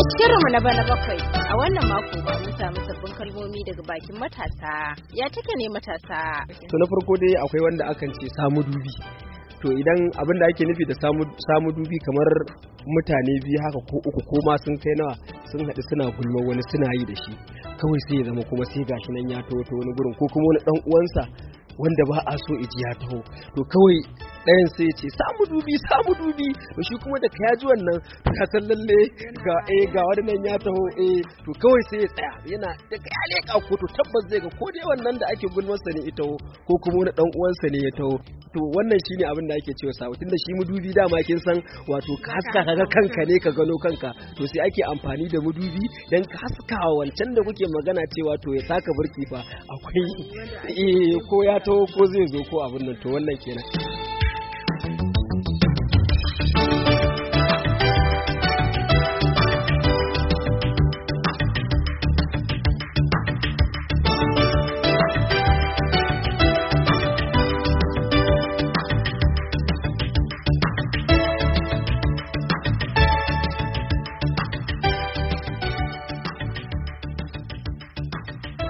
A shirinmu na bana bakwai a wannan mako ba mun samu sabbin kalmomi daga bakin matasa. Ya take ne matasa? To na farko dai akwai wanda akan ce samu dubi. to idan abin da ake nufi da samu dubi kamar mutane biyu haka ko uku ko ma sun kai nawa sun haɗu suna gulma wani suna yi da shi kawai sai ya zama kuma sai gashi nan ya taho ta wani gurin ko kuma wani ɗan uwansa wanda ba a so iji ya taho to kawai ɗayan sai ya ce samu dubi samu dubi to shi kuma da ka yaji wannan ka san lalle ga eh ga wannan ya taho eh to kawai sai ya tsaya yana da ya leka ko to tabbas zai ga ko dai wannan da ake gulmarsa ne ya taho ko kuma wani dan uwansa ne ya taho to wannan shine abin da ake cewa sawo tunda shi mudubi dama kin san wato ka haska kaga kanka ne ka gano kanka to sai ake amfani da mudubi dan ka haska wancan da kuke magana cewa to ya saka burki fa akwai eh ko ya taho ko zai zo ko abin nan to wannan kenan